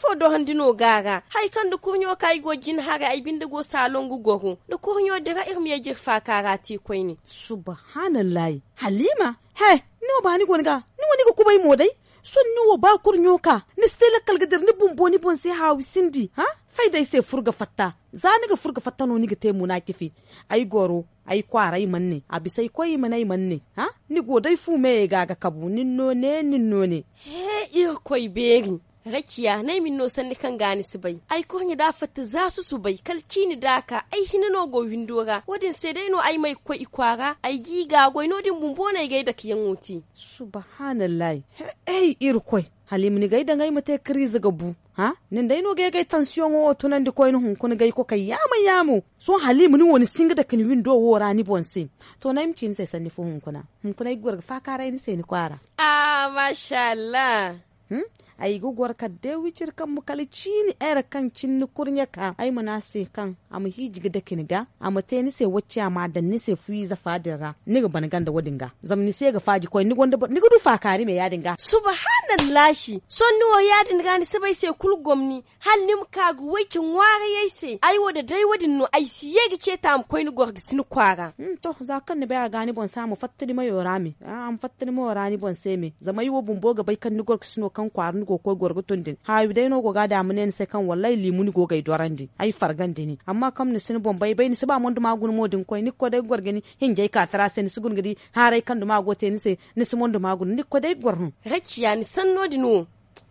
fodo han dino gaga hay kan du kunyo kay go jin haga ay binde go salongu gogu du kunyo daga irmiye jir fa kaga ti koyni subhanallah halima he ni o bani gonga ni woni go kubay moday son ni wo ba kurnyo ka ni stela kal gader ni bumboni bonse hawi sindi ha fayda ise furga fatta zani ga furga fatta no ni ga te munakifi ay goro ay kwara ay manne abisay koy manay manne ha ni godai fu me gaga kabu ni no ne ni no ne he ir koy begni rakiya na yi no sanni kan gani su bai ai ko hanya da fata za su su bai kalki ni daka ai hina no go windora wadin sai dai no ai mai ko ikwara ai giga goi no din bumbo ne gai da kiyan wuti subhanallahi ai koi halim ni gai da gai mate krizi ga bu ha nin dai no gai gai tension wo tunan di koin hun kun gai ko kai yama yamu so halim ni woni singa da kin windo wo rani bonse to na imcin sai sanni fu hun kuna hun kuna igwar fa karai ni sai ni kwara ah masha Allah hmm? ay guguwar ka da wicir kan mu kali cili era kan cinni kurnya ka ay mana nasi kan a mu hiji gida a am te ni se wacce a ma da ni se fuyi za fadira ni ga bangan da ga zam ni se ga faji koy ni gonda ni gudu mai me yadinga subhanallahi son nuwa yadin gani sabai se kul gomni hal ni ka gu wicin ware yai se ay da dai wadin no ay siye ga ce ta mu koy ni gorga sin kwara hmm, to za kan ni baya gani bon samu fattini mayo rami ah, am fattini mayo rani bon se me zama yiwo bumbo ga bai kan ni gorga sino kan kwaru go ko gorgo din ha dai no go gada mun ne sai kan wallahi limuni go gai dorandi ai fargan dini amma kam ni sin bombay bai ni ba mon duma gun modin koy ni ko dai gorgeni hin jai ka tara sen sugun gidi harai kan duma go te ni sai ni duma gun ni ko dai gorhun rakiya ni sanno dino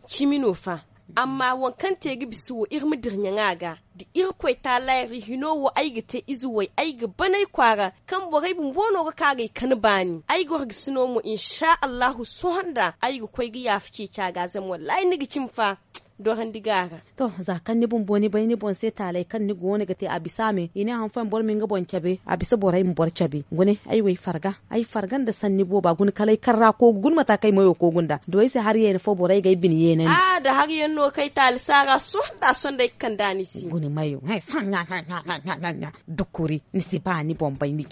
chimino fa amma wankan tegi bisu wo irmi dirnyangaga di irkoi ta layri hino wo aiga te izu wai aiga banai kwara kan borai bun bono ga kagai kan bani aiga ga sino mu insha Allahu su handa aiga koi ga yafke ga zan wallahi nigi fa. doran digaga to za kan ni bombo ni bai ni bon se talai kan ni gone gate a bisa me ina han fan bor min ga bon chabe a bisa borai min bor chabe gune ay wai farga ay fargan da sanni bo ba gun kalai karra ko gun mata kai moyo ko gunda do sai har yana fo borai gay bin yenan a ah, da har yan no kai tal saga sonda sonda kan dani si gune mayo hai son na na na na na dukuri ni si ba ni bon bai ni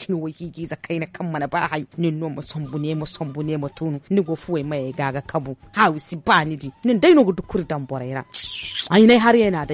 za kai na kan mana ba hai ni no mu sombu ne mu sombu ne mu tunu ni go fuwe mai gaga kabu hausi ba di nin dai no dukuri dan borai Aina har yana da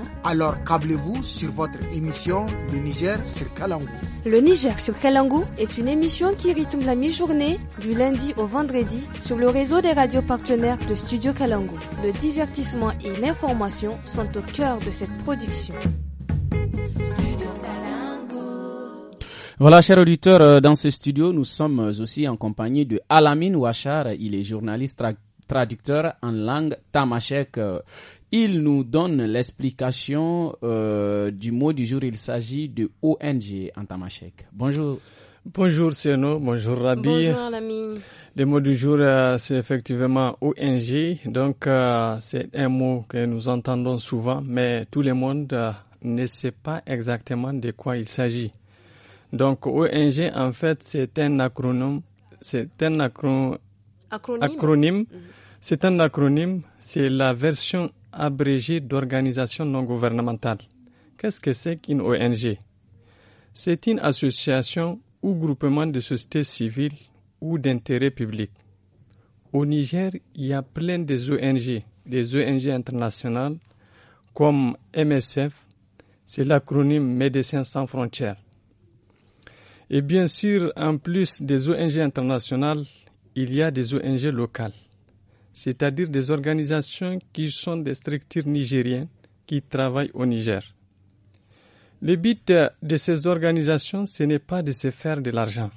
alors câblez-vous sur votre émission Le Niger sur Kalangou. Le Niger sur Kalangou est une émission qui rythme la mi-journée du lundi au vendredi sur le réseau des radios partenaires de Studio Kalangou. Le divertissement et l'information sont au cœur de cette production. Voilà, chers auditeurs, euh, dans ce studio, nous sommes aussi en compagnie de Alamine Ouachar. Il est journaliste traducteur en langue tamashek. Euh, il nous donne l'explication euh, du mot du jour. Il s'agit de ONG en tamashek. Bonjour. Bonjour Siano, bonjour Rabi. Bonjour Lamine. Le mot du jour, euh, c'est effectivement ONG. Donc, euh, c'est un mot que nous entendons souvent, mais tout le monde ne sait pas exactement de quoi il s'agit. Donc, ONG, en fait, c'est un acronyme. C'est un acronyme. Mhm. C'est un acronyme. C'est la version abrégé d'organisation non gouvernementale. Qu'est-ce que c'est qu'une ONG C'est une association ou groupement de sociétés civiles ou d'intérêt public. Au Niger, il y a plein de ONG, des ONG internationales comme MSF, c'est l'acronyme Médecins sans frontières. Et bien sûr, en plus des ONG internationales, il y a des ONG locales c'est-à-dire des organisations qui sont des structures nigériennes qui travaillent au Niger. Le but de ces organisations, ce n'est pas de se faire de l'argent,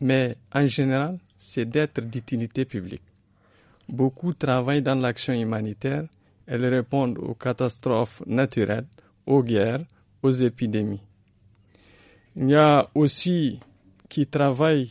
mais en général, c'est d'être d'utilité publique. Beaucoup travaillent dans l'action humanitaire, elles répondent aux catastrophes naturelles, aux guerres, aux épidémies. Il y a aussi qui travaillent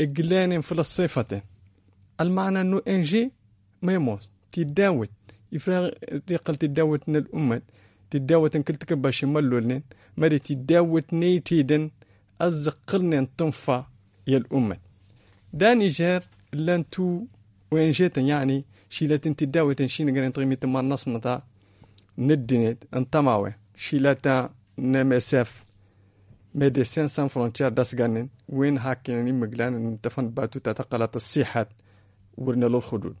اجلاني في الصفتين المعنى أنه إنجي ما يموت تداوت يفرغ ريقل تداوت من الأمة تداوت إن كلتك باش يملو لين مري تداوت نيتيدن أزقلن تنفع يا الأمة داني جار لان تو وين جيت يعني شيلات تداوت شين غير نطغي ميت ما نصنطا ندنت انتماوي شيلات نمساف سان فرونتير داس غانين وين هاكين ان تفن باتو تتقلت الصيحات ورنا للخدود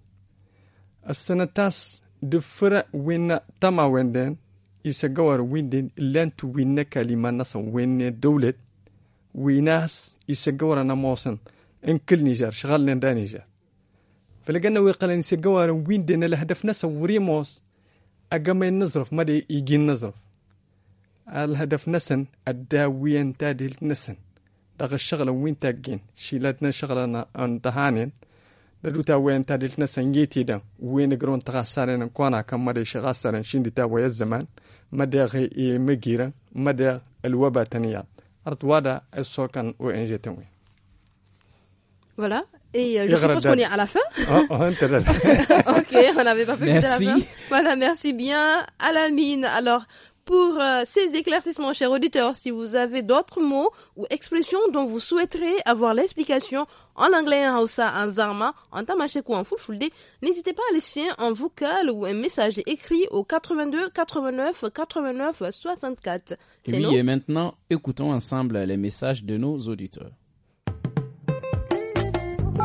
السنة تاس دفرة وين تما ويندين وين دين لان تو وين كلمة نصا وين دولة ويناس يسجور أنا موسن إن كل نيجر شغال لين دا نيجر فلقنا ويقال وين دين الهدف نصا وريموس أجمع النظرف مدي يجي نظرف الهدف نسن الداوية تادي نسن داغ الشغلة وين تاقين شيلاتنا شغلنا ان انتهانين دلو تا وين تادي نسن يتي دا وين قرون تغاسارين كوانا كم مدى شغاسارين شين دي تا ويا الزمان مدى غي مجيرا مدى الوبا تنيات أرتوادا السوكان وإنجي وين Voilà, Et euh, je suppose qu'on est à la fin. Oh, oh, ok, on n'avait pas fait merci. à la fin. Voilà, merci bien à la mine. Alors, pour euh, ces éclaircissements, chers auditeurs. Si vous avez d'autres mots ou expressions dont vous souhaiterez avoir l'explication en anglais, en hausa, en zarma, en tamashek ou en fulfulde, n'hésitez pas à laisser un vocal ou un message écrit au 82 89 89 64. oui, et maintenant, écoutons ensemble les messages de nos auditeurs.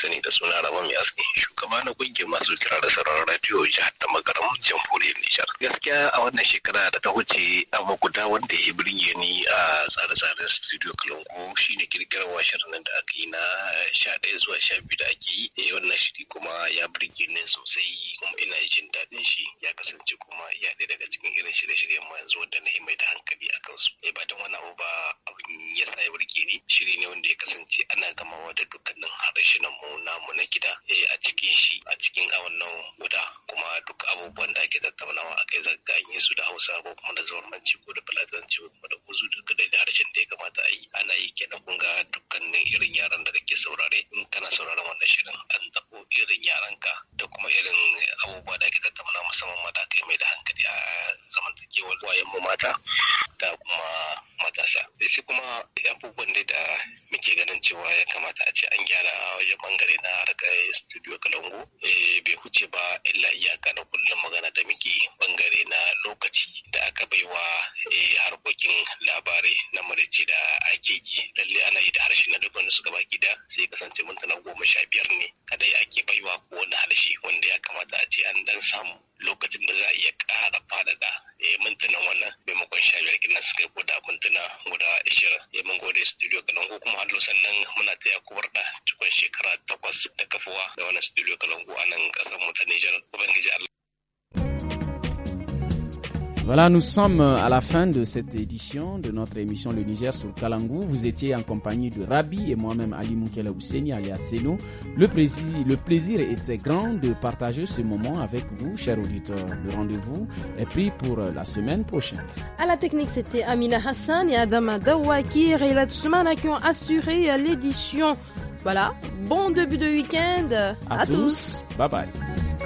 sani da suna Rabon Mai Aski, shugaba na kungiyar masu kira da sauran radiyo jihar da makaram jamhuriyar Nijar. Gaskiya a wannan shekara da ta wuce abu guda wanda ya birge ni a tsare-tsaren studio Kalungu shine kirkirar shirin nan da aka yi na sha ɗaya zuwa sha biyu da ake yi. Eh, wannan shiri kuma ya birge ni sosai kuma ina jin daɗin shi ya kasance kuma ya ɗaya daga cikin irin shirye-shiryen yanzu wanda na mai da hankali a kansu. Eh ba don wani abu ba abin ya sa ya birge ni shiri ne wanda ya kasance ana gamawa da dukkanin harshen mu namu na gida eh, a cikin shi a cikin a wannan guda kuma duk abubuwan da ake tattaunawa a kai zaka yi su da Hausa ko kuma da zamanci ko da Fulatanci ko kuma da kuzu duk da harshen da ya kamata a yi ana yi kenan kun ga dukkanin irin yaran da kake saurare in kana sauraron wannan shirin an tabo irin ka da kuma irin abubuwa da ake tattaunawa musamman mata kai mai da hankali a zamantakewar wayan mu mata da kuma matasa da eh, sai kuma abubuwan da muke ganin cewa ya kamata a ce an gyara a wajen bangare na harkar studio kalango eh, bai huce ba illa iyaka na kullum magana da muke bangare na lokaci da aka baiwa eh, harkokin labarai na marici da ake yi lalle ana yi da harshe na duk wani suka baki da sai kasance mintuna goma sha biyar ne kadai ake baiwa ko wani harshe wanda ya kamata a ce an dan samu lokacin da za a iya ƙara faɗaɗa eh, mintunan wannan maimakon sha biyar kina suka yi da mintuna guda ashirin ya eh, mun gode studio kalangu kuma hallo sannan muna taya kubar da cikon shekara takwas da kafuwa da wannan studio kalangu a nan ƙasar mu ta Nijar. Ubangiji Allah. Voilà, nous sommes euh, à la fin de cette édition de notre émission Le Niger sur Kalangou. Vous étiez en compagnie de Rabi et moi-même Ali Moukela Ouseni, alias Seno. Le plaisir, était grand de partager ce moment avec vous, chers auditeurs. Le rendez-vous est pris pour euh, la semaine prochaine. À la technique, c'était Amina Hassan et Adama Dawaki et la qui ont assuré euh, l'édition. Voilà, bon début de week-end à, tous. Bye bye.